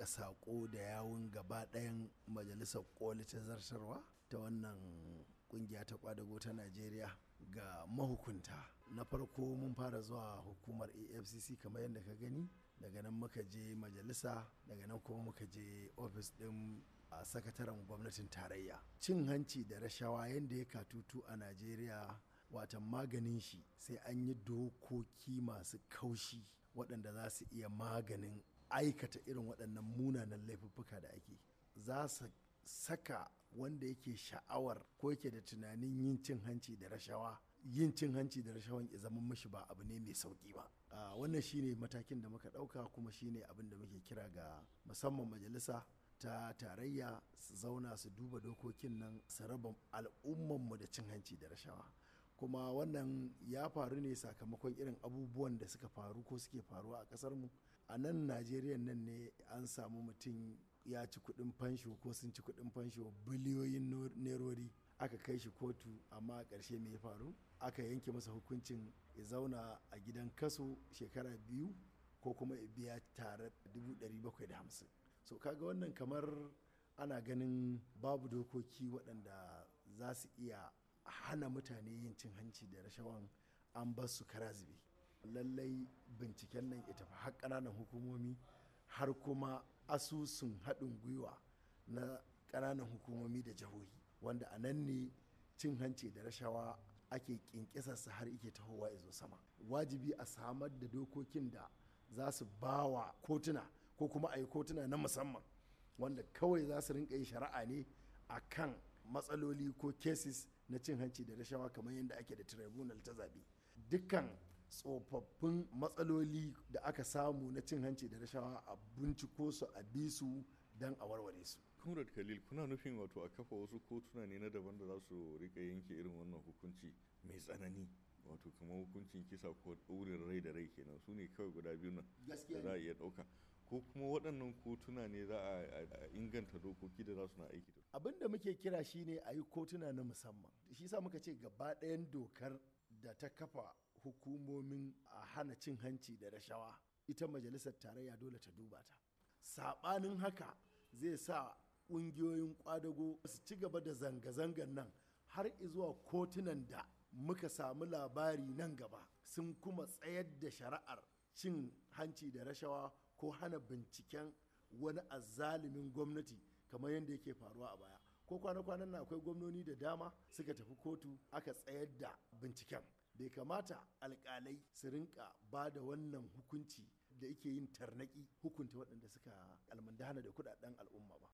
ka saƙo da yawun gaba ɗayan majalisar koli ta zartarwa ta wannan ƙungiya ta kwadago ta najeriya ga mahukunta na farko mun fara zuwa hukumar afcc kamar yadda ka gani daga nan muka je majalisa daga nan kuma muka je ofis ɗin a sakataren gwamnatin tarayya cin hanci da rashawa yadda ya katutu a najeriya watan maganin shi sai an yi dokoki masu kaushi waɗanda za su iya maganin aikata irin waɗannan munanan laifuffuka da ake za su saka wanda yake sha'awar ko yake da tunanin yin cin hanci da rashawa yin cin hanci da rashawan ya zama mashi ba abu ne mai sauki ba wannan shine matakin da muka ɗauka kuma shine abin da muke kira ga musamman majalisa ta tarayya su zauna su duba dokokin nan su raba al'ummanmu da cin hanci da rashawa kuma wannan ya faru ne sakamakon irin abubuwan da suka faru ko suke faruwa a kasar mu a nan najeriya nan ne an samu mutum ya ci kudin fansho ko sun ci kudin fansho biliyoyin nerori aka kai shi kotu amma a ƙarshe ya faru aka yanke masa hukuncin ya zauna a gidan kaso shekara biyu ko kuma ya biya tare hamsin so kaga wannan kamar ana ganin babu dokoki waɗanda za su iya hana mutane yin cin hanci da rashawan an bar su karazibi lallai binciken nan ita har ƙananan hukumomi har kuma asusun haɗin gwiwa na ƙananan hukumomi da jihohi wanda a nan ne cin hanci da rashawa ake ƙinƙisarsa har ike tahowa ya zo sama wajibi a samar da dokokin da za su ba wa kotuna ko kuma a yi kotuna na musamman wanda kawai za su rinka yi shari'a ne a kan matsaloli ko cases na cin hanci da rashawa kamar yadda ake da tribunal ta zaɓe dukkan tsofaffin matsaloli da aka samu na cin hanci da rashawa a binciko su a bi su don a warware su comrade khalil kuna nufin wato a kafa wasu kotuna ne na daban da za su rika yanke irin wannan hukunci mai tsanani wato kamar hukuncin kisa ko ɗaurin rai da rai kenan su ne kawai guda biyu nan da za a iya ɗauka ko kuma waɗannan kotuna ne za a inganta dokoki da za su na aiki da abin da muke kira shi ne a yi kotuna na musamman shi sa muka ce gaba ɗayan dokar da ta kafa hukumomin a hana cin hanci da rashawa ita majalisar tarayya dole ta duba ta saɓanin haka zai sa ƙungiyoyin ƙwadago su ci gaba da zanga-zangan nan har zuwa kotunan da muka samu labari nan gaba sun kuma tsayar da shari'ar cin hanci da rashawa ko hana binciken wani azalimin gwamnati kamar yadda yake faruwa a baya ko kwana-kwanan na akwai gwamnoni da dama suka tafi kotu aka tsayar da binciken bai kamata alkalai su rinka ba da wannan hukunci da yake yin tarnaki hukunta waɗanda suka hana da kudaden al'umma ba